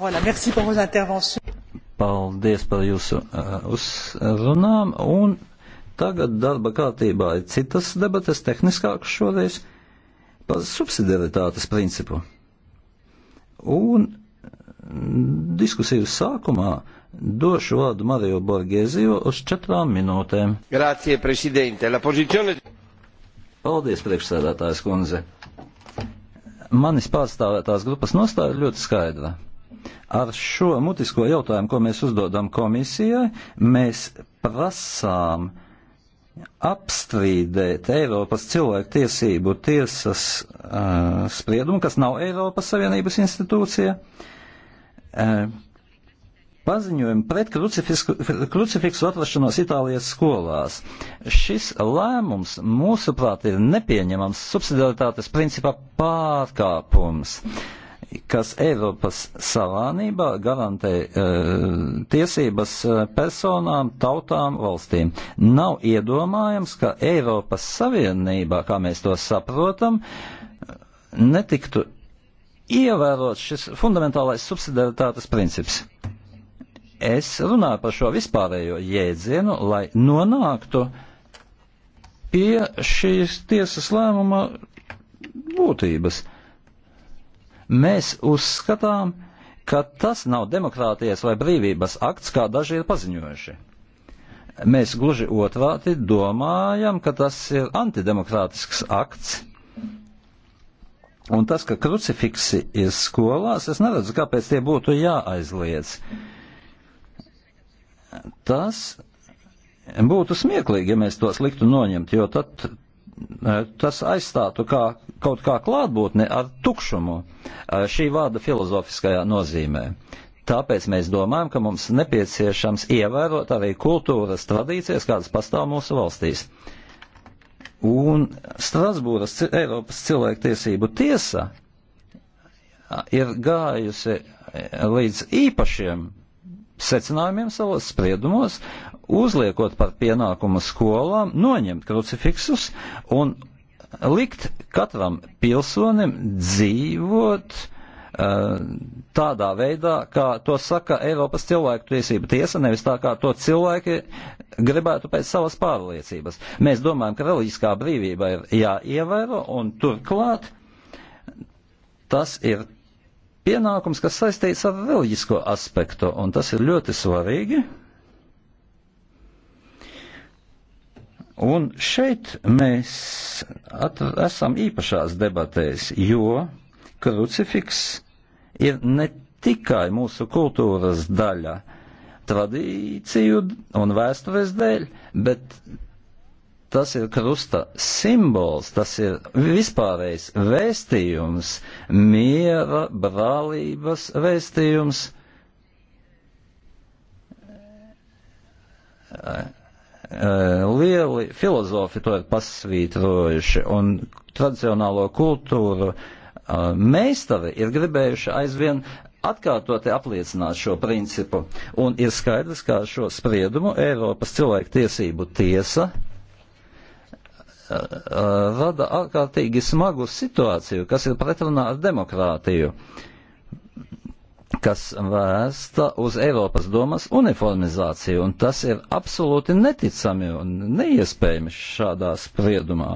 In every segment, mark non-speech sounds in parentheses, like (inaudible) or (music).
Voilà, merci par vos interventions. Paldies par jūsu uh, uzrunām. Un tagad darba kārtībā ir citas debatas, tehniskākas šoreiz, par subsidiaritātes principu. Un diskusiju sākumā došu vārdu Mario Borgēzio uz četrām minūtēm. Grācie, prezidente. La pozicione... Paldies, priekšsēdētājs kundze. Manis pārstāvētās grupas nostāja ļoti skaidra ar šo mutisko jautājumu, ko mēs uzdodam komisijai, mēs prasām apstrīdēt Eiropas cilvēktiesību tiesas uh, spriedumu, kas nav Eiropas Savienības institūcija, uh, paziņojumu pret krucifiksu atrašanos Itālijas skolās. Šis lēmums, mūsuprāt, ir nepieņemams subsidiaritātes principa pārkāpums. Uh, kas Eiropas Savienībā garantē uh, tiesības e, personām, tautām, valstīm. Nav iedomājams, ka Eiropas Savienībā, kā mēs to saprotam, netiktu ievērot šis fundamentālais subsidiaritātes princips. Es runāju par šo vispārējo jēdzienu, lai nonāktu pie šīs tiesas lēmuma būtības. Uh, Mēs uzskatām, ka tas nav demokrātijas vai brīvības akts, kā daži ir paziņojuši. Mēs gluži otrādi domājam, ka tas ir antidemokrātisks akts. Un tas, ka krucifiksi ir skolās, es neredzu, kāpēc tie būtu jāaizliedz. Tas būtu smieklīgi, ja mēs tos liktu noņemt, jo tad Eh, tas aizstātu kā, kaut kā klātbūtni ar tukšumu eh, šī vārda filozofiskajā nozīmē. Tāpēc mēs domājam, ka mums nepieciešams ievērot arī kultūras tradīcijas, kādas pastāv mūsu valstīs. Un Strasbūras Eiropas cilvēktiesību tiesa ir gājusi eh, līdz īpašiem secinājumiem savos spriedumos, uzliekot par pienākumu skolām, noņemt krucifiksus un likt katram pilsonim dzīvot uh, tādā veidā, kā to saka Eiropas cilvēku tiesība tiesa, nevis tā, kā to cilvēki gribētu pēc savas pārliecības. Mēs domājam, ka reliģiskā brīvība ir jāievēro, un turklāt tas ir pienākums, kas saistīts ar reliģisko aspektu, un tas ir ļoti svarīgi. Un šeit mēs at, esam īpašās debatēs, jo krucifiks ir ne tikai mūsu kultūras daļa, tradīciju un vēstures dēļ, bet tas ir krusta simbols, tas ir vispārējais vēstījums, miera, brālības vēstījums. Uh, Eh, lieli filozofi to ir pasvītrojuši, un tradicionālo kultūru eh, meistari ir gribējuši aizvien atkārtoti apliecināt šo principu, un ir skaidrs, kā šo spriedumu Eiropas cilvēku tiesību tiesa eh, rada ārkārtīgi smagu situāciju, kas ir pretrunā ar demokrātiju. Uh, kas vērsta uz Eiropas domas uniformizāciju, un tas ir absolūti neticami un neiespējami šādā spriedumā.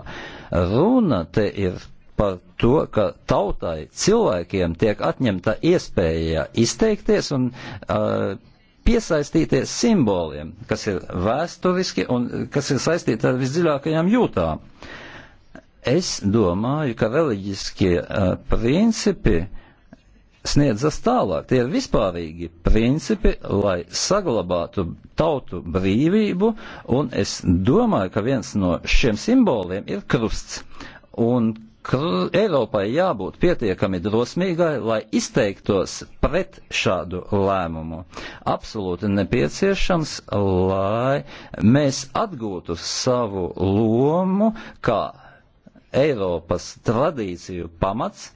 Runa te ir par to, ka tautai, cilvēkiem tiek atņemta iespēja izteikties un uh, piesaistīties simboliem, kas ir vēsturiski un kas ir saistīti ar visdziļākajām jūtām. Es domāju, ka reliģiskie uh, principi uh, sniedzas tālāk. Tie ir vispārīgi principi, lai saglabātu tautu brīvību, un es domāju, ka viens no šiem simboliem ir krusts. Un kr Eiropai jābūt pietiekami drosmīgai, lai izteiktos pret šādu lēmumu. Absolūti nepieciešams, lai mēs atgūtu savu lomu kā Eiropas tradīciju pamats,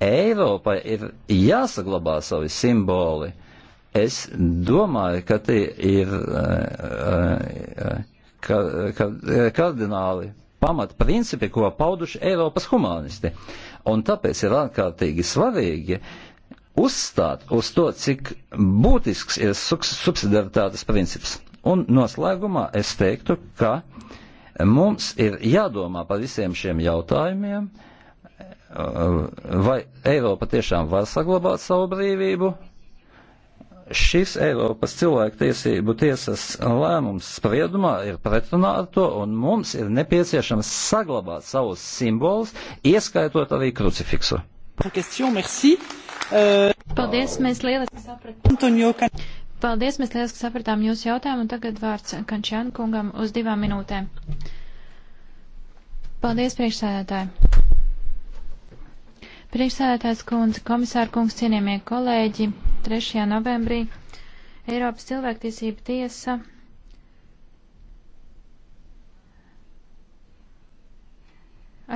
Eiropai ir jāsaglabā savi simboli. Es domāju, ka tie ir eh, eh, ka, ka, eh, kardināli pamatprincipi, ko pauduši Eiropas humanisti. Un tāpēc ir ārkārtīgi svarīgi uzstāt uz to, cik būtisks ir subsidiaritātes princips. Un noslēgumā es teiktu, ka mums ir jādomā par visiem šiem jautājumiem, uh, vai Eiropa tiešām var saglabāt savu brīvību. Šis Eiropas cilvēktiesību tiesas lēmums spriedumā ir pretrunā ar to, un mums ir nepieciešams saglabāt savus simbolus, ieskaitot arī krucifiksu. Euh, Paldies, mēs lieliski sapratām. Paldies, mēs lieliski sapratām jūsu jautājumu, un tagad vārds Kančēna kungam uz divām minūtēm. Paldies, priekšsēdētāji. Priekšsēdētājs kundze, komisāra kungs, cienījamie kolēģi, 3. novembrī Eiropas cilvēktiesība tiesa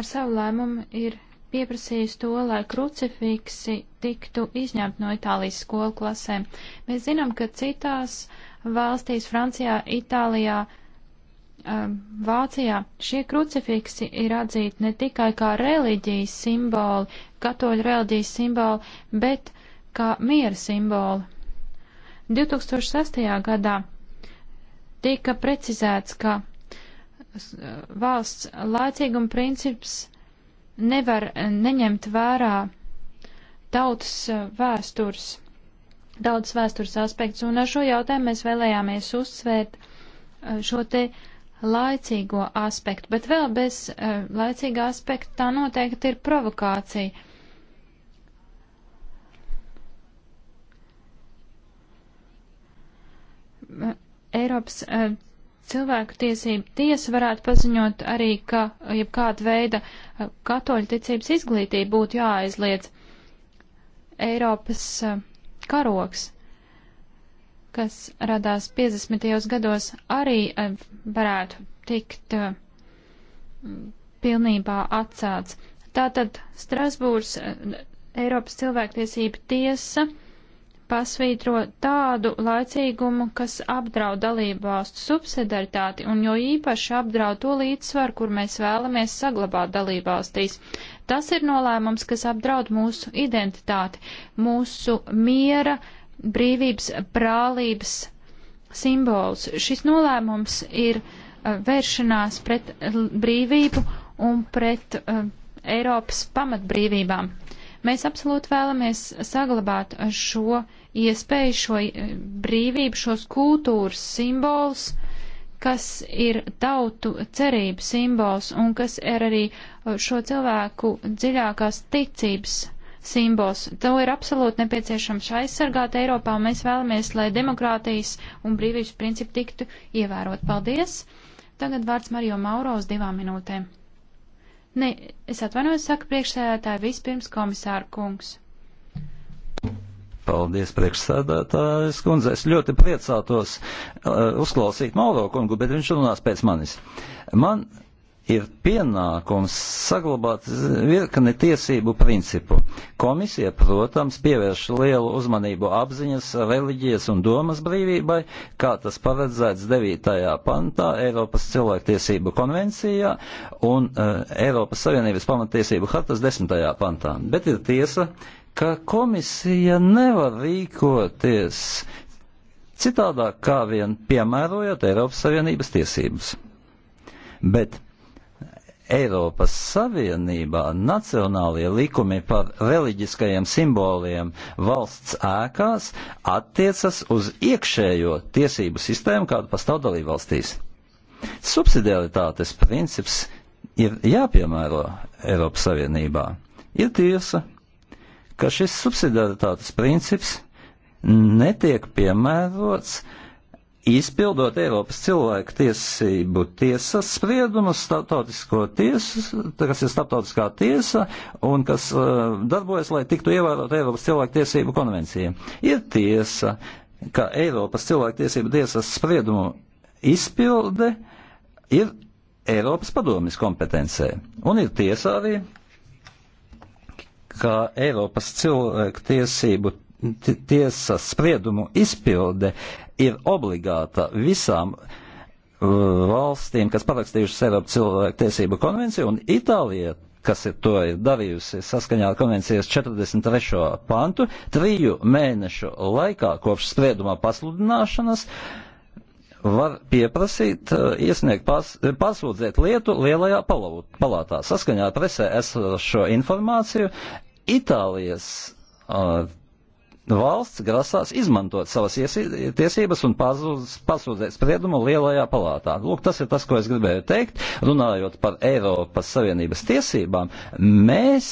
ar savu lēmumu ir pieprasījusi to, lai krucifiksi tiktu izņemt no Itālijas skolu klasēm. Mēs zinām, ka citās valstīs, Francijā, Itālijā, Um, Vācijā šie krucifiksi ir atzīti ne tikai kā reliģijas simboli, katoļu reliģijas simboli, bet kā miera simboli. 2006. gadā tika precizēts, ka uh, valsts laicīguma princips nevar uh, neņemt vērā tautas uh, vēstures, tautas vēstures aspekts, un ar šo jautājumu mēs vēlējāmies uzsvērt šo te uh, laicīgo aspektu, bet vēl bez uh, laicīga aspekta tā noteikti ir provokācija. Eiropas uh, cilvēku tiesību tiesa varētu paziņot arī, ka eh, jebkāda veida uh, katoļu ticības izglītība būtu jāaizliedz Eiropas uh, karoks kas radās 50. gados, arī eh, varētu tikt eh, pilnībā atcelts. Tātad Strasbūrs eh, Eiropas cilvēktiesība tiesa pasvītro tādu laicīgumu, kas apdraud dalību valstu subsidaritāti un jo īpaši apdraud to līdzsvaru, kur mēs vēlamies saglabāt dalību valstīs. Tas ir nolēmums, kas apdraud mūsu identitāti, mūsu miera, uh, brīvības brālības simbols. Šis nolēmums ir uh, vēršanās pret brīvību un pret uh, Eiropas pamatbrīvībām. Mēs absolūti vēlamies saglabāt šo iespēju, šo uh, brīvību, šos kultūras simbols, kas ir tautu cerību simbols un kas ir arī uh, šo cilvēku dziļākās ticības simbols. To ir absolūti nepieciešams aizsargāt Eiropā, un mēs vēlamies, lai demokrātijas un brīvības principi tiktu ievērot. Paldies! Tagad vārds Mario Mauro uz divām minūtēm. Ne, es atvainojos, saka priekšsēdētāji, vispirms komisāra kungs. Paldies, priekšsēdētājs kundze. Es ļoti priecātos uh, uzklausīt Mauro kungu, bet viņš runās pēc manis. Man ir pienākums saglabāt virkni tiesību principu. Komisija, protams, pievērš lielu uzmanību apziņas, reliģijas un domas brīvībai, kā tas paredzēts 9. pantā Eiropas cilvēktiesību konvencijā un uh, Eiropas Savienības pamatiesību hartas 10. pantā. Bet ir tiesa, ka komisija nevar rīkoties citādāk kā vien piemērojot Eiropas Savienības tiesības. Bet Eiropas Savienībā nacionālie likumi par reliģiskajiem simboliem valsts ēkās attiecas uz iekšējo tiesību sistēmu, kāda pastāv dalībvalstīs. Subsidiaritātes princips ir jāpiemēro Eiropas Savienībā. Ir tiesa, ka šis subsidiaritātes princips netiek piemērots uh, Izpildot Eiropas cilvēku tiesību tiesas spriedumu, starptautisko tiesu, kas ir starptautiskā tiesa un kas uh, darbojas, lai tiktu ievērot Eiropas cilvēku tiesību konvencija. Ir tiesa, ka Eiropas cilvēku tiesību tiesas spriedumu izpilde ir Eiropas padomjas kompetencē. Un ir tiesa arī, ka Eiropas cilvēku tiesību tiesas spriedumu izpilde ir obligāta visām uh, valstīm, kas parakstījušas Eiropas cilvēku tiesību konvenciju, un Itālija, kas ir to ir darījusi saskaņā ar konvencijas 43. pantu, triju mēnešu laikā kopš spriedumā pasludināšanas var pieprasīt, uh, iesniegt, pas, pasūdzēt lietu lielajā palātā. Saskaņā ar presē esošo informāciju Itālijas uh, valsts grasās izmantot savas tiesības un pasūdzēt spriedumu lielajā palātā. Lūk, tas ir tas, ko es gribēju teikt. Runājot par Eiropas Savienības tiesībām, mēs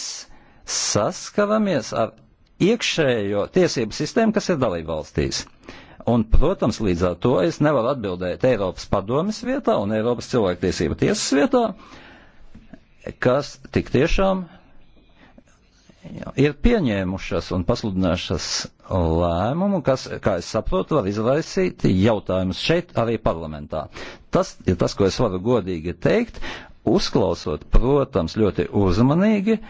saskaramies ar iekšējo tiesību sistēmu, kas ir dalība valstīs. Un, protams, līdz ar to es nevaru atbildēt Eiropas padomis vietā un Eiropas cilvēktiesība tiesas vietā, kas tik tiešām ir pieņēmušas un pasludinājušas lēmumu, kas, kā es saprotu, var izraisīt jautājumus šeit, arī parlamentā. Tas ir tas, ko es varu godīgi teikt, uzklausot, protams, ļoti uzmanīgi eh,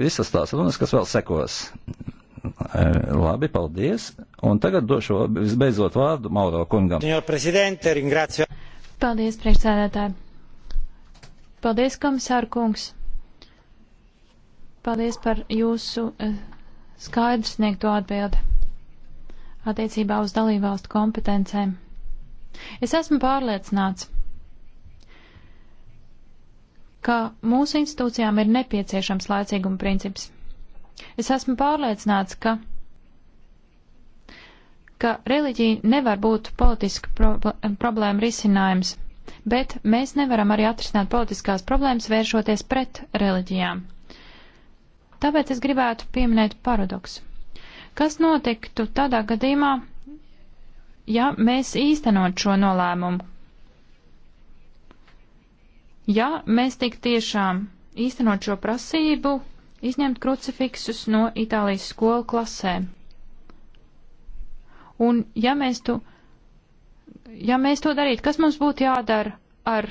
visas tās runas, kas vēl sekos. Eh, labi, paldies. Un tagad došu visbeidzot vārdu Mauro kungam. Paldies, priekšsēdētāji. Paldies, komisāra kungs. Paldies par jūsu eh, skaidru sniegto atbildi attiecībā uz dalībvalstu kompetencēm. Es esmu pārliecināts, ka mūsu institūcijām ir nepieciešams laicīguma princips. Es esmu pārliecināts, ka, ka reliģija nevar būt politiska pro problēma risinājums, bet mēs nevaram arī atrisināt politiskās problēmas vēršoties pret reliģijām. Tāpēc es gribētu pieminēt paradoksu. Kas notiktu tādā gadījumā, ja mēs īstenot šo nolēmumu? Ja mēs tik tiešām īstenot šo prasību, izņemt krucifiksus no Itālijas skolu klasēm. Un ja mēs to, ja mēs to darītu, kas mums būtu jādara ar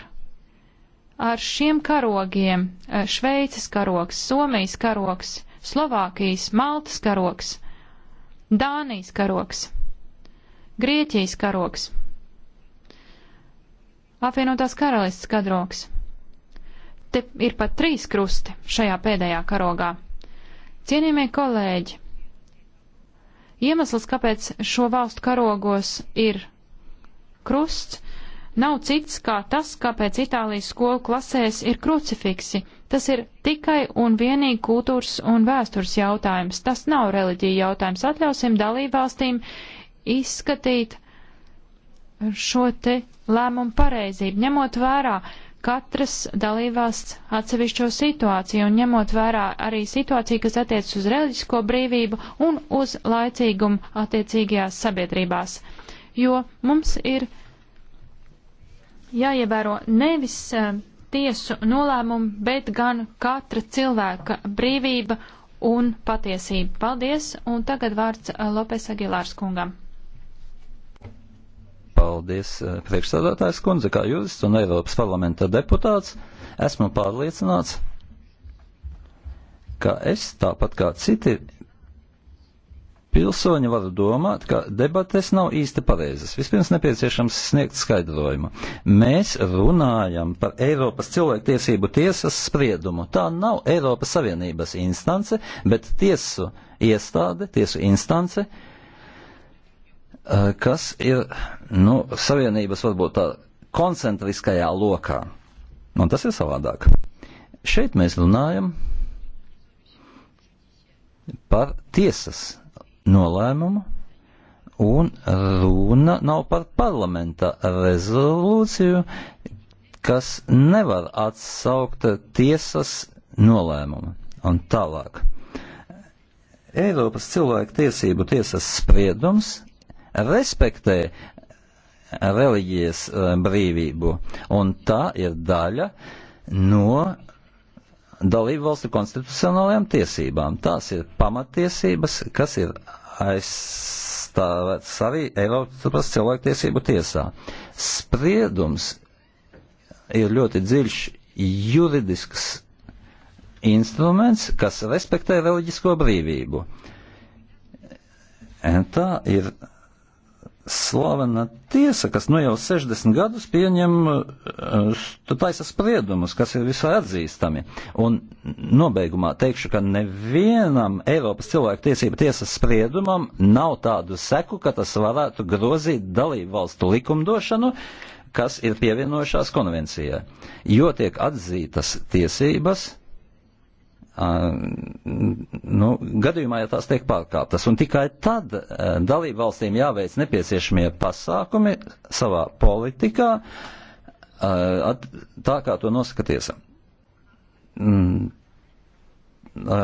ar šiem karogiem, eh, Šveices karoks, Somijas karoks, Slovākijas, Maltas karoks, Dānijas karoks, Grieķijas karoks, apvienotās karalists karoks. Te ir pat trīs krusti šajā pēdējā karogā. Cienījamie kolēģi, iemesls, kāpēc šo valstu karogos ir krusts, nav cits kā tas, kāpēc Itālijas skolu klasēs ir krucifiksi. Tas ir tikai un vienīgi kultūras un vēstures jautājums. Tas nav reliģija jautājums. Atļausim dalībvalstīm izskatīt šo te lēmumu pareizību, ņemot vērā katras dalībvalsts atsevišķo situāciju un ņemot vērā arī situāciju, kas attiec uz reliģisko brīvību un uz laicīgumu attiecīgajās sabiedrībās. Jo mums ir jāievēro nevis e, tiesu nolēmumu, bet gan katra cilvēka brīvība un patiesība. Paldies, un tagad vārds e, Lopes Agilārs kungam. Paldies, e, priekšsādātājs kundze, kā jūs un Eiropas parlamenta deputāts. Esmu pārliecināts, ka es, tāpat kā citi pilsoņi var domāt, ka debates nav īsti pareizas. Vispirms nepieciešams sniegt skaidrojumu. Mēs runājam par Eiropas cilvēktiesību tiesas spriedumu. Tā nav Eiropas Savienības instance, bet tiesu iestāde, tiesu instance, eh, kas ir, nu, Savienības varbūt tā koncentriskajā lokā. Un tas ir savādāk. Šeit mēs runājam par tiesas nolēmumu, un runa nav par parlamenta rezolūciju, kas nevar atsaukt tiesas nolēmumu. Un tālāk. Eiropas cilvēku tiesību tiesas spriedums respektē reliģijas eh, brīvību, un tā ir daļa no dalību valstu konstitucionālajām tiesībām. Tās ir pamatiesības, kas ir aizstāvētas arī Eiropas cilvēktiesību tiesā. Spriedums ir ļoti dziļš juridisks instruments, kas respektē reliģisko brīvību. Un tā ir slavena tiesa, kas nu jau 60 gadus pieņem eh, taisa spriedumus, kas ir visai atzīstami. Un nobeigumā teikšu, ka nevienam Eiropas cilvēku tiesība tiesas spriedumam nav tādu seku, ka tas varētu grozīt dalību valstu likumdošanu, kas ir pievienojušās konvencijai, jo tiek atzītas tiesības nu, gadījumā, ja tās tiek pārkāptas. Un tikai tad e, dalību valstīm jāveic nepieciešamie pasākumi savā politikā, e, tā kā to nosaka tiesa. Mm, e,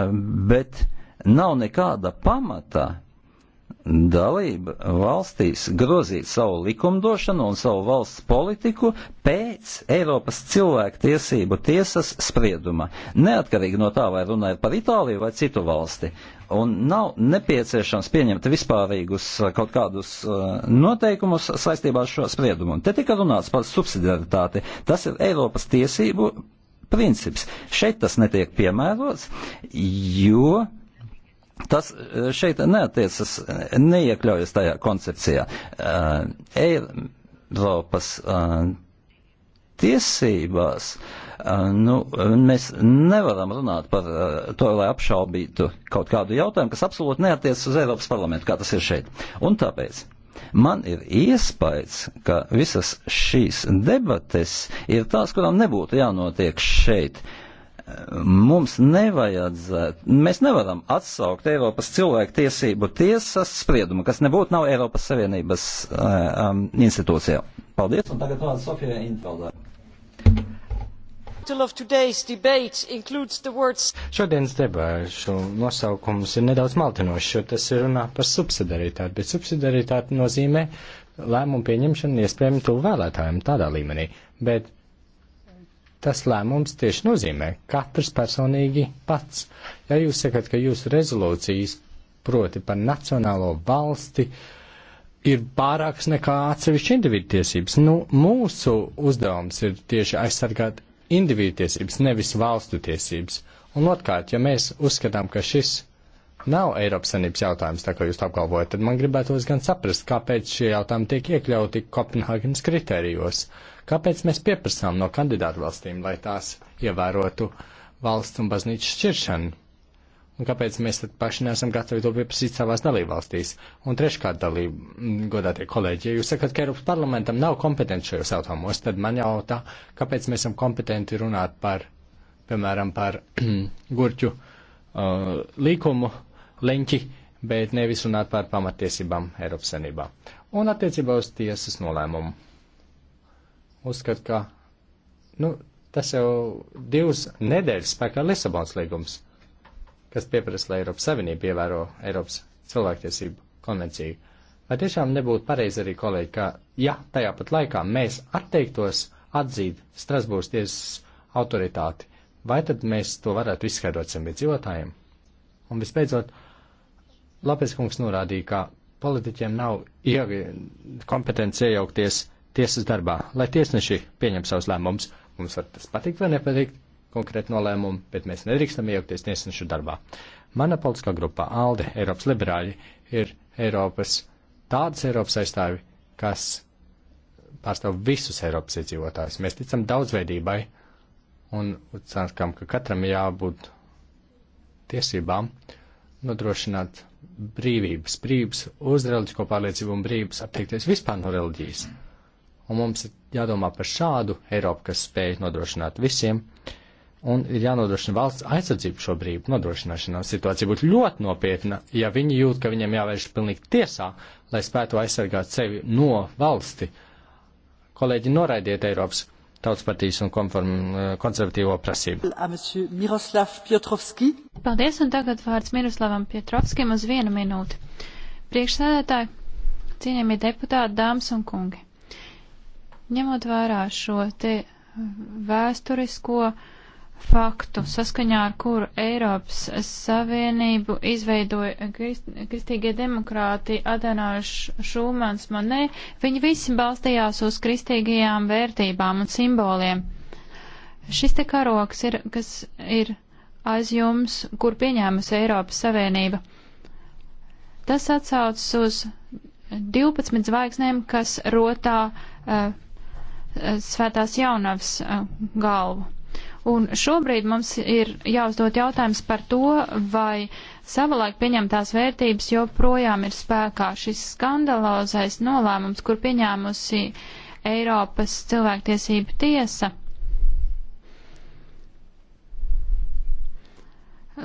bet nav nekāda pamata dalība valstīs grozīt savu likumdošanu un savu valsts politiku pēc Eiropas cilvēktiesību tiesas sprieduma, neatkarīgi no tā, vai runāja par Itāliju vai citu valsti. Un nav nepieciešams pieņemt vispārīgus eh, kaut kādus eh, noteikumus saistībā ar šo spriedumu. Un te tika runāts par subsidiaritāti. Tas ir Eiropas tiesību princips. Šeit tas netiek piemērots, jo Tas eh, šeit neatiecas, neiekļaujas tajā koncepcijā. Eh, Eiropas eh, tiesībās nu, mēs nevaram runāt par to, lai apšaubītu kaut kādu jautājumu, kas absolūti neatiecas uz Eiropas parlamentu, kā tas ir šeit. Un tāpēc. Man ir iespējas, ka visas šīs debates ir tās, kurām nebūtu jānotiek šeit. Uh, Mums nevajadzētu, mēs nevaram atsaukt Eiropas cilvēku tiesību tiesas spriedumu, kas nebūtu nav Eiropas Savienības uh, um, institūcijā. Paldies, un tagad vārds Sofijai Intveldai. Words... Šodienas debāšu nosaukums ir nedaudz maltinošs, jo tas ir runā par subsidaritāti, bet subsidaritāte nozīmē lēmumu pieņemšanu iespējami tuvu vēlētājiem tādā līmenī. Bet tas lēmums tieši nozīmē katrs personīgi pats. Ja jūs sakat, ka jūsu rezolūcijas, proti par nacionālo valsti, ir pārāks nekā atsevišķi individu tiesības, nu, mūsu uzdevums ir tieši aizsargāt individu tiesības, nevis valstu tiesības. Un otrkārt, ja mēs uzskatām, ka šis nav Eiropas Savienības jautājums, tā kā jūs tā apgalvojat, tad man gribētos gan saprast, kāpēc šie jautājumi tiek iekļauti Kopenhāgenes kritērijos. Kāpēc mēs pieprasām no kandidātu valstīm, lai tās ievērotu valsts un baznīcas šķiršanu? Un kāpēc mēs tad paši neesam gatavi to pieprasīt savās dalībvalstīs? Un treškārt, dalība, godātie kolēģi, ja jūs sakat, ka Eiropas parlamentam nav kompetenti šajos jautājumos, tad man jautā, kāpēc mēs esam kompetenti runāt par, piemēram, par (clears throat) gurķu uh, līkumu leņķi, bet nevis runāt par pamatiesībām Eiropas Savienībā. Un attiecībā uz tiesas nolēmumu. Uzskat, ka, nu, tas jau divas nedēļas spēkā Lisabons līgums, kas pieprasa, lai Eiropas Savienība ievēro Eiropas cilvēktiesību konvenciju. Vai tiešām nebūtu pareizi arī kolēģi, ka, ja tajā pat laikā mēs atteiktos atzīt Strasbūras tiesas autoritāti, vai tad mēs to varētu izskaidrot saviem iedzīvotājiem? Un visbeidzot, uh, Lapis kungs norādīja, ka politiķiem nav kompetence iejaukties tiesas darbā, lai tiesneši pieņem savus lēmumus. Mums var tas patikt vai nepatikt, konkrēti nolēmumu, bet mēs nedrīkstam iejaukties tiesnešu darbā. Mana politiskā grupa ALDE, Eiropas liberāļi, ir Eiropas, tādas Eiropas aizstāvi, kas pārstāv visus Eiropas iedzīvotājus. Mēs ticam daudzveidībai un ceram, ka katram jābūt tiesībām nodrošināt brīvības, brīvības uz reliģisko pārliecību un brīvības atteikties vispār no reliģijas. Un mums ir jādomā par šādu Eiropu, kas spēj nodrošināt visiem, un ir jānodrošina valsts aizsardzību šo brīvību nodrošināšanā. Situācija būtu ļoti nopietna, ja viņi jūt, ka viņiem jāvērš pilnīgi tiesā, lai spētu aizsargāt sevi no valsti. Kolēģi, noraidiet Eiropas tautspartijas un konform, eh, konservatīvo prasību. Paldies, un tagad vārds Miroslavam Pietrovskim uz vienu minūti. Priekšsēdētāji, cienījamie deputāti, dāmas un kungi, ņemot vērā šo te eh, vēsturisko uh, faktu, saskaņā ar kuru Eiropas Savienību izveidoja krist, kristīgie demokrāti Adenāš Šūmans Manē, viņi visi balstījās uz kristīgajām vērtībām un simboliem. Šis te karoks ir, kas ir aiz jums, kur pieņēmusi Eiropas Savienība. Tas atsaucas uz 12 zvaigznēm, kas rotā uh, svētās jaunavas uh, galvu. Un šobrīd mums ir jāuzdot jautājums par to, vai savulaik pieņemtās vērtības joprojām ir spēkā šis skandalozais nolēmums, kur pieņēmusi Eiropas cilvēktiesība tiesa.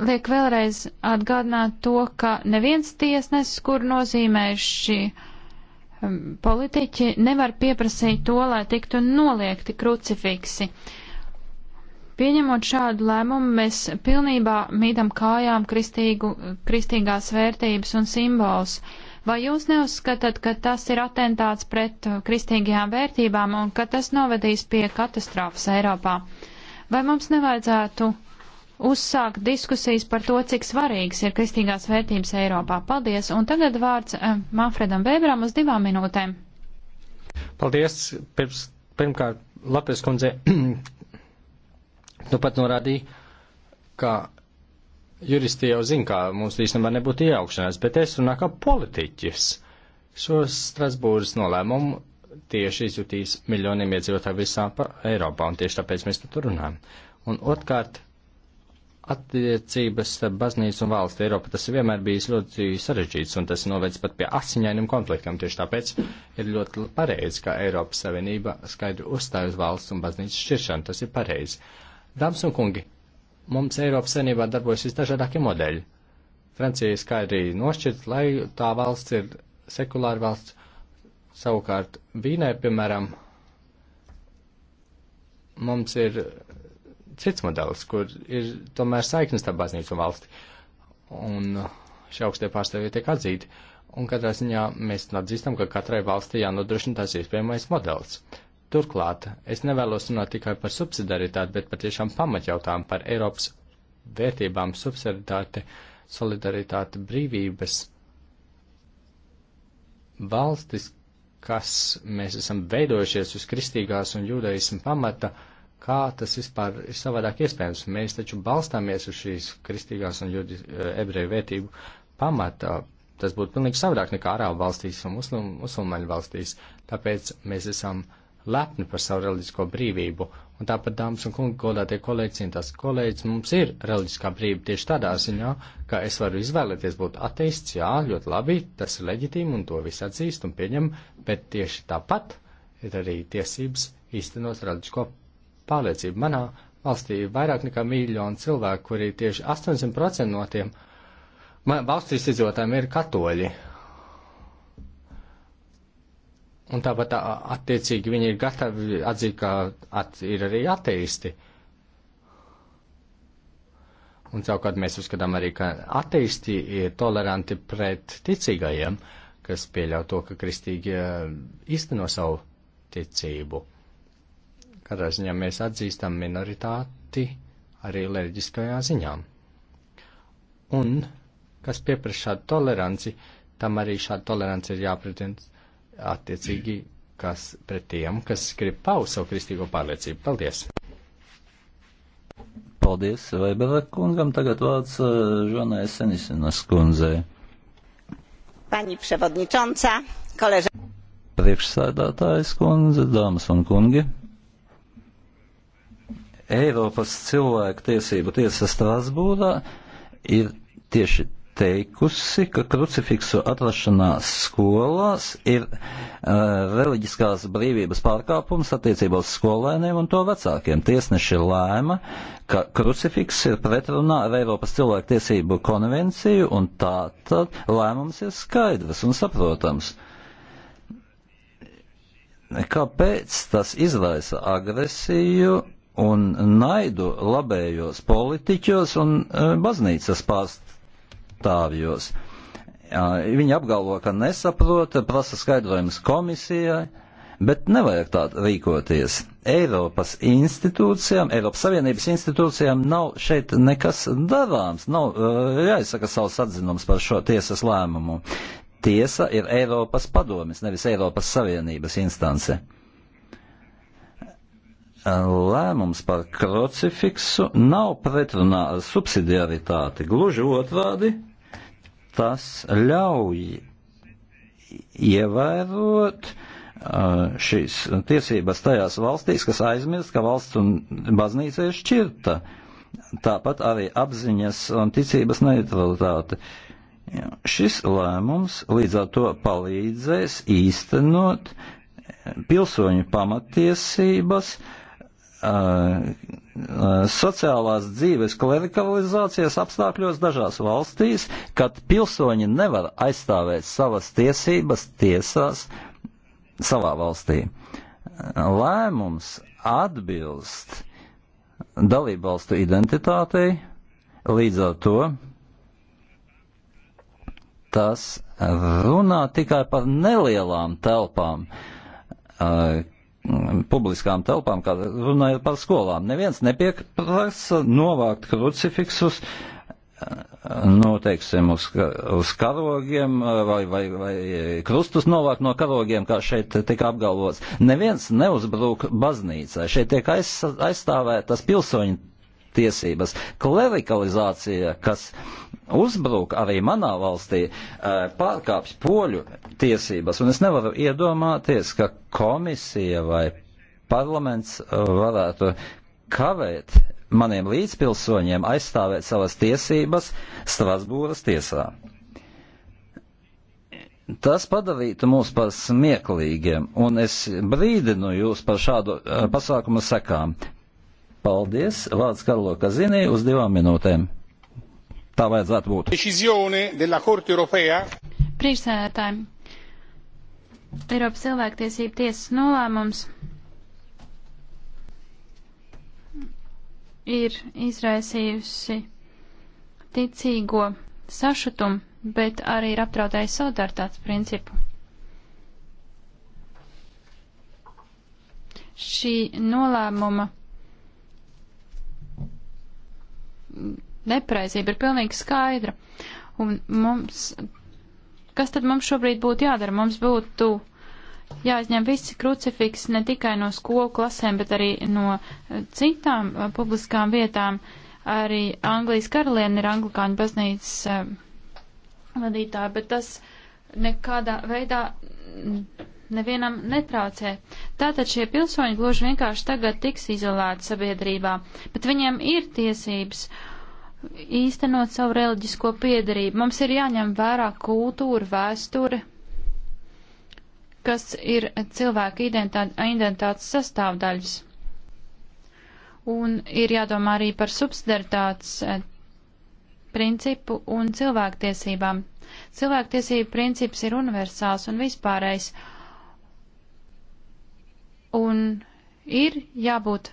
Liek vēlreiz atgādināt to, ka neviens tiesnesis, kur nozīmējuši um, politiķi, nevar pieprasīt to, lai tiktu noliekti krucifiksi. Uh, Pieņemot šādu lēmumu, mēs pilnībā mītam kājām kristīgu, kristīgās vērtības un simbols. Vai jūs neuzskatāt, ka tas ir atentāts pret uh, kristīgajām vērtībām un ka tas novedīs pie katastrofas Eiropā? Vai mums nevajadzētu uzsākt diskusijas par to, cik svarīgas ir kristīgās vērtības Eiropā? Paldies! Un tagad vārds eh, Manfredam Bēberam uz divām minūtēm. Paldies! Pirms, pirmkārt, Latvijas kundze (clears throat) nu pat norādīja, ka juristi jau zina, ka mums īstenībā nebūtu iejaukšanās, bet es runāju kā politiķis. Šo Strasbūras nolēmumu tieši izjutīs miljoniem iedzīvotāju visā Eiropā, un tieši tāpēc mēs tur runājam. Un otrkārt, attiecības starp baznīcu un valsti Eiropa tas ir vienmēr bijis ļoti sarežģīts, un tas novēc pat pie asiņainiem konfliktiem. Tieši tāpēc ir ļoti pareizi, ka Eiropas Savienība skaidri uzstāj uz valsts un baznīcas šķiršanu. Tas ir pareizi. Dāmas un kungi, mums Eiropas senībā darbojas visdažādākie modeļi. Francija skaidri nošķirt, lai tā valsts ir sekulāra valsts. Savukārt Vīnē, piemēram, mums ir cits modelis, kur ir tomēr saiknes tā baznīca un valsti. Un šie augstie pārstāvji tiek atzīti. Un katrā ziņā mēs atzīstam, ka katrai valstī jānodrošina tās iespējamais modelis. Turklāt es nevēlos runāt tikai par subsidaritāti, bet patiešām pamatjautājumu par Eiropas vērtībām, subsidaritāti, solidaritāti, brīvības. Valstis, kas mēs esam veidojušies uz kristīgās un jūdaismu pamata, kā tas vispār ir savādāk iespējams. Mēs taču balstāmies uz šīs kristīgās un jūdi, eh, ebreju vērtību pamata. Tas būtu pilnīgi savādāk nekā arābu valstīs un musulmaņu valstīs. Tāpēc mēs esam lepni par savu reliģisko brīvību. Un tāpat, dāmas un kungi, godātie kolēģi, cienītās kolēģis, mums ir reliģiskā brīvība tieši tādā ziņā, ka es varu izvēlēties būt ateists, jā, ļoti labi, tas ir leģitīmi un to visi atzīst un pieņem, bet tieši tāpat ir arī tiesības īstenot reliģisko pārliecību. Manā valstī ir vairāk nekā miljonu cilvēku, kuri tieši 80% no tiem valstīs izdzīvotājiem ir katoļi. Un tāpat attiecīgi viņi ir gatavi atzīt, ka at, ir arī ateisti. Un savukārt mēs uzskatām arī, ka ateisti ir toleranti pret ticīgajiem, kas pieļauj to, ka kristīgi īsteno savu ticību. Katrā ziņā mēs atzīstam minoritāti arī leģiskajā ziņā. Un, kas pieprasa šādu toleranci, tam arī šāda tolerance ir jāpretendē attiecīgi kas pret tiem, kas grib paust savu kristīgo pārliecību. Paldies! Paldies Vaibelē kungam, tagad vārds uh, Žonai Senisinas kundzei. Pani przewodnicząca, koleżanki. Priekšsēdētājs kundze, dāmas un kungi. Eiropas cilvēku tiesību tiesa Strasbūrā ir tieši teikusi, ka krucifiksu atrašanās skolās ir uh, reliģiskās brīvības pārkāpums attiecībā uz skolēniem un to vecākiem. Tiesneši lēma, ka krucifiks ir pretrunā ar Eiropas cilvēktiesību konvenciju un tā tad lēmums ir skaidrs un saprotams. Kāpēc tas izraisa agresiju un naidu labējos politiķos un baznīcas pārstāvjos? stāvjos. Viņi apgalvo, ka nesaprota, prasa skaidrojumus komisijai, bet nevajag tā rīkoties. Eiropas institūcijām, Eiropas Savienības institūcijām nav šeit nekas darāms, nav uh, jāizsaka savs atzinums par šo tiesas lēmumu. Tiesa ir Eiropas padomis, nevis Eiropas Savienības instance lēmums par krucifiksu nav pretrunā ar subsidiaritāti. Gluži otrādi, tas ļauj ievērot šīs tiesības tajās valstīs, kas aizmirst, ka valsts un baznīca ir šķirta. Tāpat arī apziņas un ticības neutralitāte. Šis lēmums līdz ar to palīdzēs īstenot pilsoņu pamatiesības, Eh, sociālās dzīves klerikalizācijas apstākļos dažās valstīs, kad pilsoņi nevar aizstāvēt savas tiesības tiesās savā valstī. Eh, lēmums atbilst dalībvalstu identitātei, līdz ar to tas runā tikai par nelielām telpām, eh, Mm, publiskām telpām, kā runājot par skolām. Neviens nepieprasa novākt krucifiksus, eh, nu, teiksim, uz, uz karogiem eh, vai, vai, vai krustus novākt no karogiem, kā šeit tika apgalvots. Neviens neuzbrūk baznīcai. Šeit tiek aiz, aizstāvētas pilsoņu tiesības. Klerikalizācija, kas uzbruk arī manā valstī, e, pārkāpj poļu tiesības, un es nevaru iedomāties, ka komisija vai parlaments varētu kavēt maniem līdzpilsoņiem aizstāvēt savas tiesības Strasbūras tiesā. Tas padarītu mūs par smieklīgiem, un es brīdinu jūs par šādu e, pasākumu sekām. Paldies, vārds Karlo Kazinī uz divām minūtēm. Tā vajadzētu būt. Priekšsēdētājiem. Eiropas cilvēktiesība tiesas nolēmums ir izraisījusi ticīgo sašutumu, bet arī ir apdraudējis solidaritātes principu. Šī nolēmuma nepareizība ir pilnīgi skaidra. Un mums, kas tad mums šobrīd būtu jādara? Mums būtu jāizņem visi krucifiks ne tikai no skolu klasēm, bet arī no eh, citām eh, publiskām vietām. Arī Anglijas karaliene ir anglikāņu baznīcas uh, vadītāja, bet tas nekādā veidā nevienam netraucē. Tātad šie pilsoņi gluži vienkārši tagad tiks izolēti sabiedrībā, bet viņiem ir tiesības īstenot savu reliģisko piedarību. Mums ir jāņem vērā kultūra, vēsture, kas ir cilvēka identitātes sastāvdaļas. Un ir jādomā arī par subsidaritātes eh, principu un cilvēktiesībām. Cilvēktiesību princips ir universāls un vispārējs un ir jābūt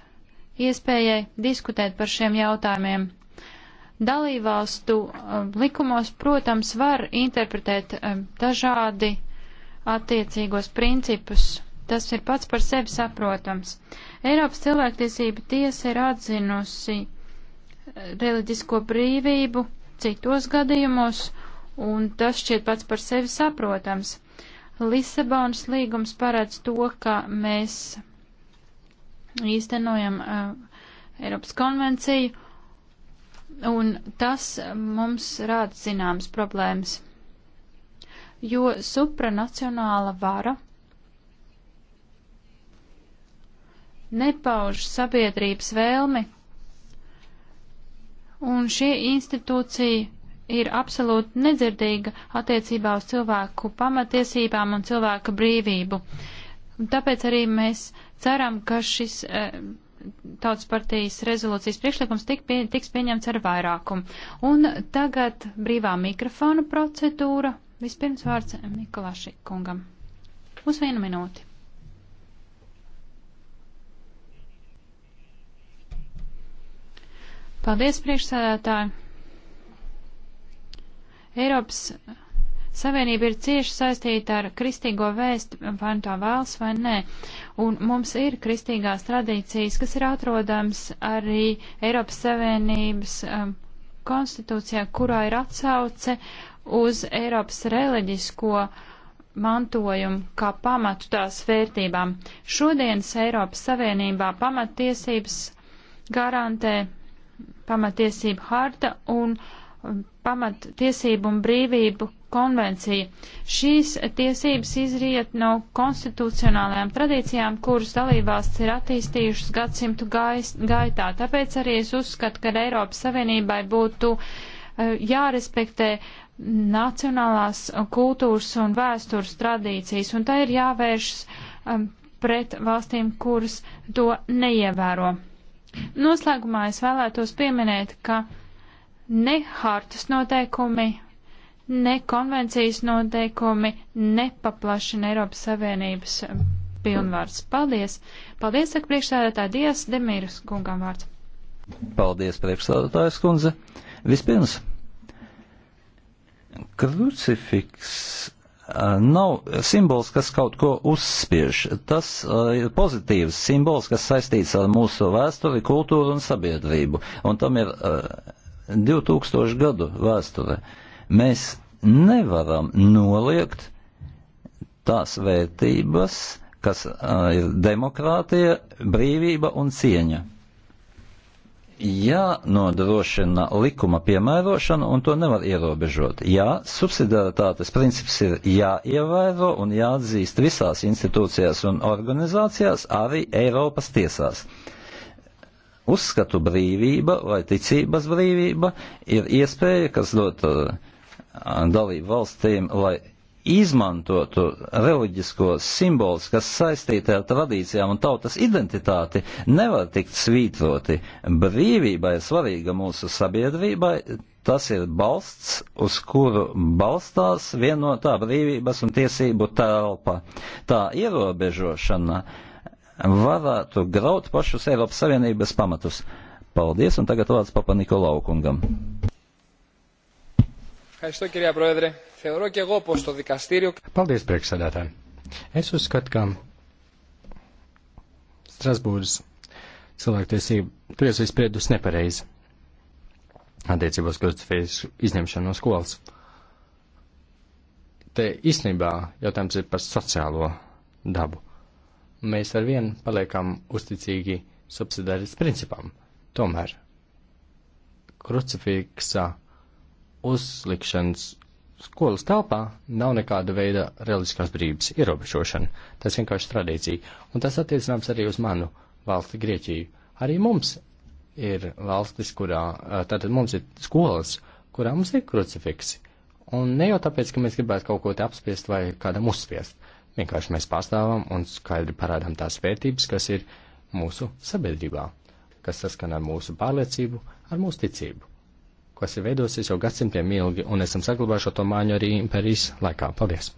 iespējai diskutēt par šiem jautājumiem. Dalībvalstu um, likumos, protams, var interpretēt um, dažādi attiecīgos principus. Tas ir pats par sevi saprotams. Eiropas cilvēktiesība tiesa ir atzinusi uh, reliģisko brīvību citos gadījumos, un tas šķiet pats par sevi saprotams. Lisabonas līgums paredz to, ka mēs īstenojam uh, Eiropas konvenciju, un tas mums rāda zināmas problēmas, jo supranacionāla vara nepauž sabiedrības vēlmi, un šī institūcija ir absolūti nedzirdīga attiecībā uz cilvēku pamatiesībām un cilvēka brīvību. Tāpēc arī mēs ceram, ka šis eh, Tautas partijas rezolūcijas priekšlikums tik pie, tiks pieņemts ar vairākumu. Un tagad brīvā mikrofona procedūra. Vispirms vārds Nikolāši kungam. Uz vienu minūti. Paldies, priekšsēdētāji! Eiropas Savienība ir cieši saistīta ar kristīgo vēstu, vai nu to vēlas vai nē, un mums ir kristīgās tradīcijas, kas ir atrodams arī Eiropas Savienības um, konstitūcijā, kurā ir atsauce uz Eiropas reliģisko mantojumu kā pamatu tās vērtībām. Šodienas Eiropas Savienībā pamattiesības garantē pamatiesību harta un uh, Um, pamat tiesību un brīvību konvencija. Šīs tiesības izriet no konstitucionālajām tradīcijām, kuras dalībvalsts ir attīstījušas gadsimtu gais, gaitā. Tāpēc arī es uzskatu, ka Eiropas Savienībai būtu uh, jārespektē nacionālās kultūras un vēstures tradīcijas, un tā ir jāvēršas um, pret valstīm, kuras to neievēro. Noslēgumā es vēlētos pieminēt, ka ne hartas noteikumi, ne konvencijas noteikumi nepaplašina Eiropas Savienības pilnvārds. Paldies! Paldies, saka priekšsēdētāja Dievs, Demīras kungam vārds. Paldies, priekšsēdētājas kundze. Vispirms, krucifiks nav simbols, kas kaut ko uzspiež. Tas uh, ir pozitīvs simbols, kas saistīts ar mūsu vēsturi, kultūru un sabiedrību. Un tam ir uh, 2000 gadu vēsturē, mēs nevaram noliegt tās vērtības, kas uh, ir demokrātija, brīvība un cieņa. Jā, nodrošina likuma piemērošanu, un to nevar ierobežot. Jā, subsidiaritātes princips ir jāievēro un jāatzīst visās institūcijās un organizācijās, arī Eiropas tiesās. Uzskatu brīvība vai ticības brīvība ir iespēja, kas dot uh, dalību valstīm, lai izmantotu reliģiskos simbolus, kas saistīti ar tradīcijām un tautas identitāti, nevar tikt svītroti. Brīvība ir svarīga mūsu sabiedrībai, tas ir balsts, uz kuru balstās vienotā brīvības un tiesību telpa. Tā ierobežošana uh, varētu graut pašus Eiropas Savienības pamatus. Paldies, un tagad vārds Papa Nikolau kungam. Paldies, priekšsēdētāji. Es uzskatu, ka Strasbūras cilvēktiesība tiesa izspriedus nepareizi attiecībos Krustafējas izņemšanu no skolas. Te īstenībā jautājums ir par sociālo dabu mēs ar vienu paliekam uzticīgi subsidārijas principam. Tomēr krucifiksa uzlikšanas skolas telpā nav nekāda veida reliģiskās brīvības ierobežošana. Tas vienkārši tradīcija. Un tas attiecināms arī uz manu valsti Grieķiju. Arī mums ir valstis, kurā, tātad mums ir skolas, kurā mums ir krucifiksi. Un ne jau tāpēc, ka mēs gribētu kaut ko te apspiest vai kādam uzspiest, Vienkārši mēs pārstāvam un skaidri parādām tās vērtības, kas ir mūsu sabiedrībā, kas saskana ar mūsu pārliecību, ar mūsu ticību, kas ir veidosies jau gadsimtiem ilgi, un esam saglabājuši to māņu arī imperijas laikā. Paldies!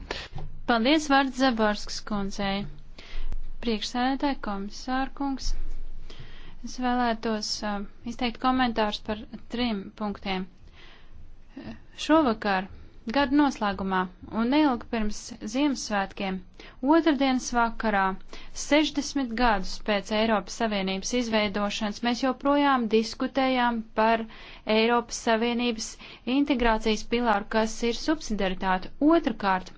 Paldies, vārds Zaborskas kundzei! Priekšsēdētāji, komisārkungs! Es vēlētos uh, izteikt komentārus par trim punktiem. Šovakar Gada noslēgumā un neilgi pirms Ziemassvētkiem, otrdienas vakarā, 60 gadus pēc Eiropas Savienības izveidošanas, mēs joprojām diskutējām par Eiropas Savienības integrācijas pilāru, kas ir subsidiaritāte. Otrakārt,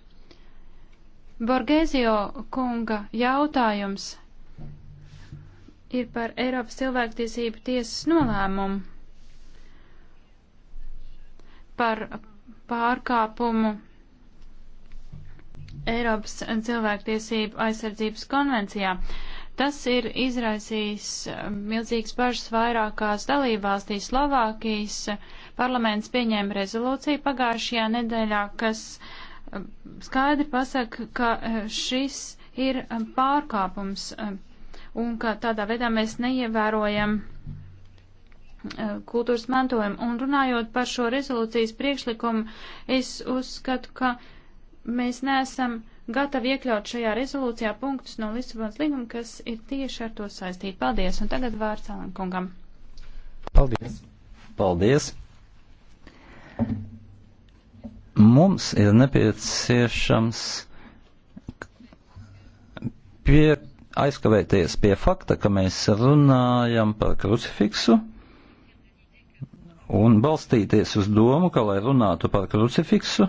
Borgēzio kunga jautājums ir par Eiropas cilvēktiesību tiesas nolēmumu par pārkāpumu Eiropas cilvēktiesību aizsardzības konvencijā. Tas ir izraisījis um, milzīgas bažas vairākās dalībvalstīs Slovākijas. Parlaments pieņēma rezolūciju pagājušajā nedēļā, kas um, skaidri pasaka, ka uh, šis ir um, pārkāpums un ka tādā veidā mēs neievērojam Eh, kultūras mantojumu. Un runājot par šo rezolūcijas priekšlikumu, es uzskatu, ka mēs neesam gatavi iekļaut šajā rezolūcijā punktus no Lisabonas līguma, kas ir tieši ar to saistīti. Paldies, un tagad vārds Alankungam. Paldies. Paldies. Mums ir nepieciešams pie, aizkavēties pie fakta, ka mēs runājam par krucifiksu un balstīties uz domu, ka, lai runātu par krucifiksu,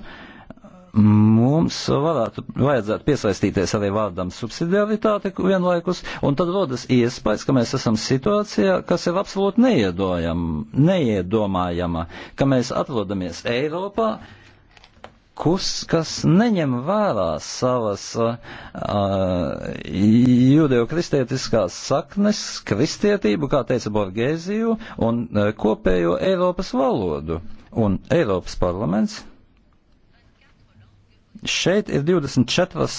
mums varētu, vajadzētu piesaistīties arī vārdam subsidiaritāte vienlaikus, un tad rodas iespējas, ka mēs esam situācijā, kas ir absolūti neiedomājama, ka mēs atrodamies Eiropā, kus, kas neņem vērā savas uh, judeokristietiskās saknes, kristietību, kā teica Borgēziju, un uh, kopējo Eiropas valodu. Un Eiropas parlaments šeit ir 24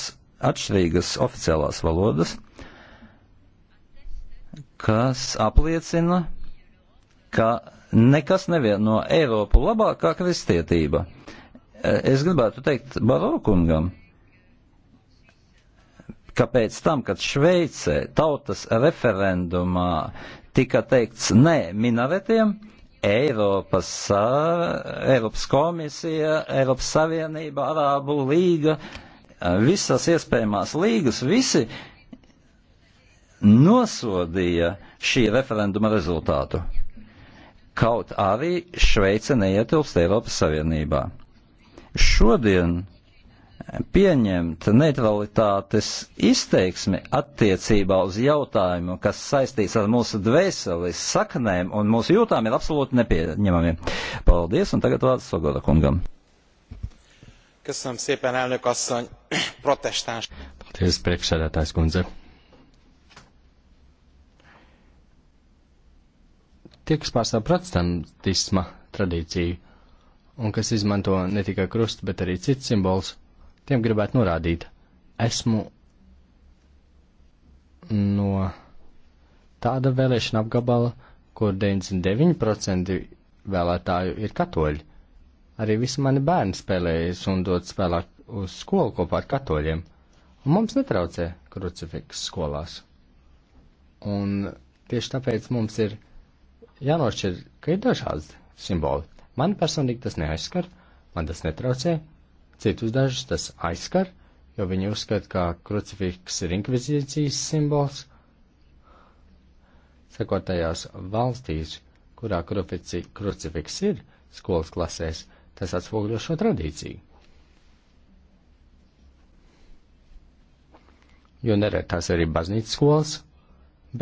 atšķirīgas oficiālās valodas, kas apliecina, ka nekas nevieno no Eiropu labākā kristietība. Uh, Eh, es gribētu teikt Barokungam, ka pēc tam, kad Šveicē tautas referendumā tika teikts nē minaretiem, Eiropas, eh, Eiropas komisija, Eiropas Savienība, Arābu līga, eh, visas iespējamās līgas, visi nosodīja šī referenduma rezultātu. Kaut arī Šveice neietilpst Eiropas Savienībā šodien pieņemt neutralitātes izteiksmi attiecībā uz jautājumu, kas saistīts ar mūsu dvēseli, saknēm un mūsu jūtām, ir absolūti nepieņemami. Paldies, un tagad vārds Sogoda kungam. Köszönöm szépen, elnök asszony, (clears throat) protestáns. Paldies, priekšsēdētājs kundze. Tie, kas pārstāv protestantisma tradīciju, un kas izmanto ne tikai krustu, bet arī cits simbols, tiem gribētu norādīt, esmu no tāda vēlēšana apgabala, kur 99% vēlētāju ir katoļi. Arī visi mani bērni spēlējas un dod spēlēt uz skolu kopā ar katoļiem, un mums netraucē krucifiks skolās. Un tieši tāpēc mums ir jānošķir, ka ir dažādi simboli. Man personīgi tas neaizskar, man tas netraucē, citus dažus tas aizskar, jo viņi uzskata, ka krucifiks ir inkvizīcijas simbols. Sekot tajās valstīs, kurā krufici, krucifiks ir skolas klasēs, tas atspoguļo šo tradīciju. Jo nereti tās arī baznīcas skolas,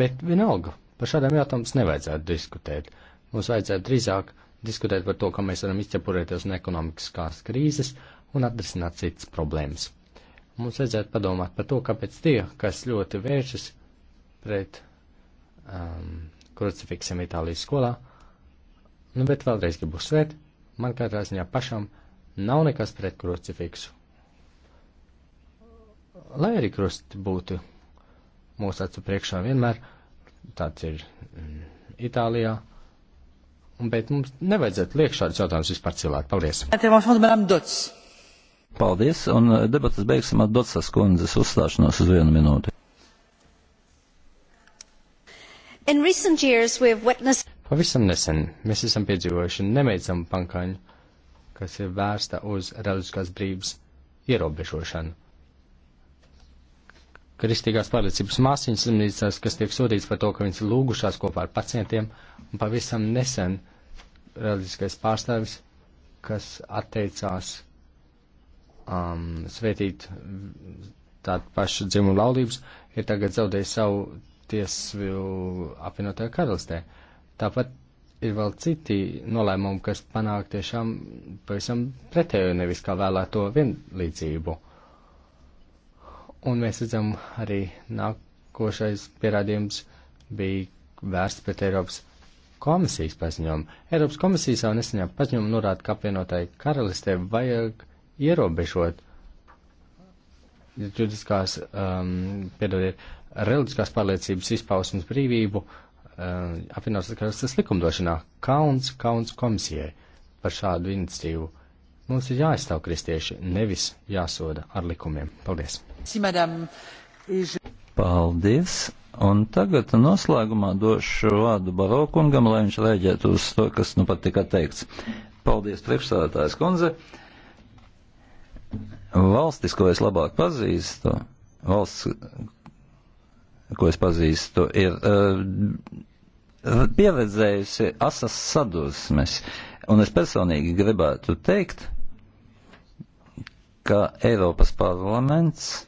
bet vienalga par šādām jautājumus nevajadzētu diskutēt. Mums vajadzētu drīzāk diskutēt par to, kā mēs varam izķepurēties no ekonomiskās krīzes un atrisināt citas problēmas. Mums vajadzētu padomāt par to, kāpēc tie, kas ļoti vēršas pret um, krucifiksiem Itālijas skolā, nu, bet vēlreiz gribu uzsvērt, man katrā ziņā pašam nav nekas pret krucifiksu. Lai arī krusti būtu mūsu acu priekšā vienmēr, tāds ir mm, Itālijā, bet mums nevajadzētu liek šādus jautājumus vispār cilvēku. Paldies! Paldies, un e, debatas beigsim ar Dotsas kundzes uzstāšanos uz vienu minūti. Witnessed... Pavisam nesen mēs esam piedzīvojuši nemeidzamu pankaņu, kas ir vērsta uz reliģiskās brīvības ierobežošanu kristīgās pārliecības māsiņas slimnīcās, kas tiek sodīts par to, ka viņas lūgušās kopā ar pacientiem, un pavisam nesen reliģiskais pārstāvis, kas atteicās um, svētīt tādu pašu dzimumu laulības, ir tagad zaudējis savu tiesu apvienotajā karalistē. Tāpat ir vēl citi nolēmumi, kas panāk tiešām pavisam pretēju nevis kā vēlēto vienlīdzību. Un mēs redzam arī nākošais pierādījums bija vērsts pret Eiropas komisijas paziņojumu. Eiropas komisija savu nesaņā paziņojumu norāda, ka apvienotai karalistē vajag ierobežot juridiskās, um, piedodiet, reliģiskās pārliecības izpausmes brīvību um, apvienotās karalistes likumdošanā. Kauns, kauns komisijai par šādu iniciatīvu. Mums ir jāaizstāv kristieši, nevis jāsoda ar likumiem. Paldies! Paldies! Un tagad noslēgumā došu vārdu Barokungam, lai viņš rēģētu uz to, kas nu pat tika teikts. Paldies, priekšstādātājs kundze! Valstis, ko es labāk pazīstu, valsts, ko es pazīstu, ir uh, pieredzējusi asas sadursmes. Un es personīgi gribētu teikt, ka Eiropas parlaments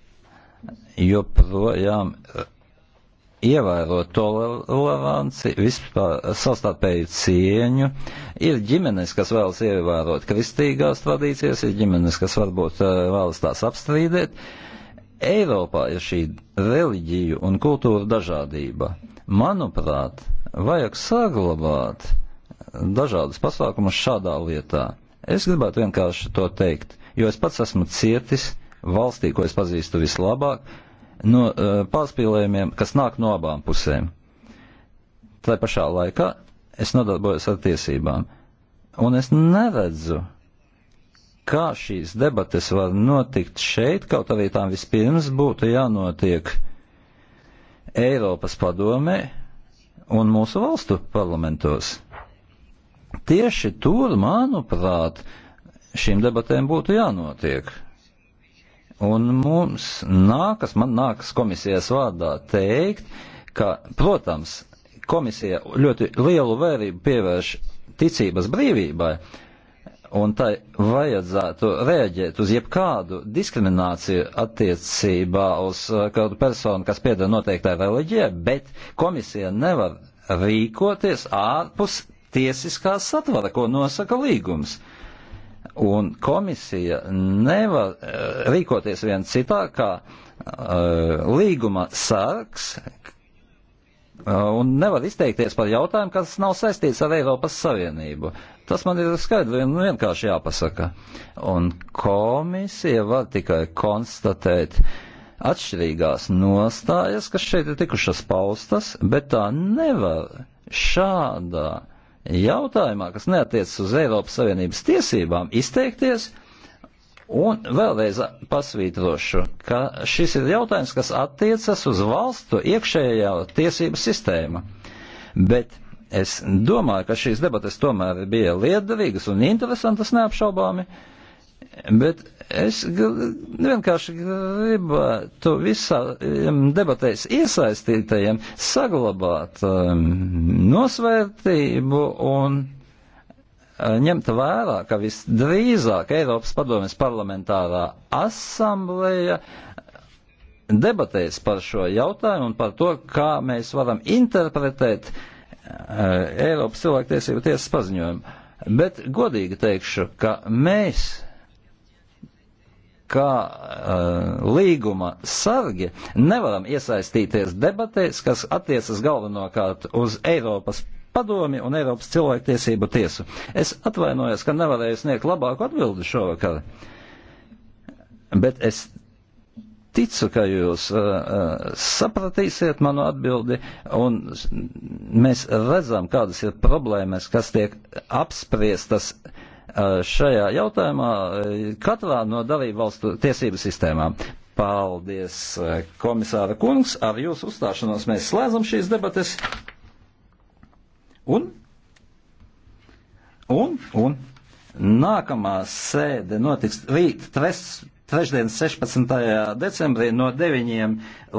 joprojām eh, ievēro toleranci, vispār sastāpēju cieņu. Ir ģimenes, kas vēlas ievērot kristīgās tradīcijas, ir ģimenes, kas varbūt eh, vēlas tās apstrīdēt. Eiropā ir šī reliģiju un kultūra dažādība. Manuprāt, vajag saglabāt dažādas pasākumus šādā lietā. Es gribētu vienkārši to teikt jo es pats esmu cietis valstī, ko es pazīstu vislabāk, no uh, pārspīlējumiem, kas nāk no abām pusēm. Tā pašā laikā es nodarbojos ar tiesībām, un es neredzu, kā šīs debates var notikt šeit, kaut arī tām vispirms būtu jānotiek Eiropas padomē un mūsu valstu parlamentos. Tieši tur, manuprāt, uh, šīm debatēm būtu jānotiek. Un mums nākas, man nākas komisijas vārdā teikt, ka, protams, komisija ļoti lielu vērību pievērš ticības brīvībai, un tai vajadzētu rēģēt uz jebkādu diskrimināciju attiecībā uz uh, kādu personu, kas pieder noteiktai reliģijai, bet komisija nevar rīkoties ārpus tiesiskā satvara, ko nosaka līgums. Uh, Un komisija nevar eh, rīkoties vien citā kā uh, līguma sargs uh, un nevar izteikties par jautājumu, kas nav saistīts ar Eiropas Savienību. Tas man ir skaidri un vienkārši jāpasaka. Un komisija var tikai konstatēt atšķirīgās nostājas, kas šeit ir tikušas paustas, bet tā nevar šādā jautājumā, kas neatiecas uz Eiropas Savienības tiesībām, izteikties. Un vēlreiz pasvītrošu, ka šis ir jautājums, kas attiecas uz valstu iekšējā tiesību sistēmu. Bet es domāju, ka šīs debates tomēr bija liederīgas un interesantas neapšaubāmi. Uh, Bet es vienkārši gribētu visām debatēs iesaistītajiem saglabāt um, nosvērtību un uh, ņemt vērā, ka visdrīzāk Eiropas padomjas parlamentārā asambleja debatēs par šo jautājumu un par to, kā mēs varam interpretēt uh, Eiropas cilvēktiesību tiesas paziņojumu. Bet godīgi teikšu, ka mēs kā uh, e, līguma sargi nevaram iesaistīties debatēs, kas attiecas galvenokārt uz Eiropas padomi un Eiropas cilvēktiesību tiesu. Es atvainojos, ka nevarēju sniegt labāku atbildi šovakar, bet es ticu, ka jūs uh, uh, sapratīsiet manu atbildi, un mēs redzam, kādas ir problēmas, kas tiek apspriestas uh, šajā jautājumā katrā no dalību valstu tiesību sistēmām. Paldies, komisāra kungs. Ar jūsu uzstāšanos mēs slēdzam šīs debates. Un? Un? Un? Nākamā sēde notiks rīt, trešdien, 16. decembrī no 9.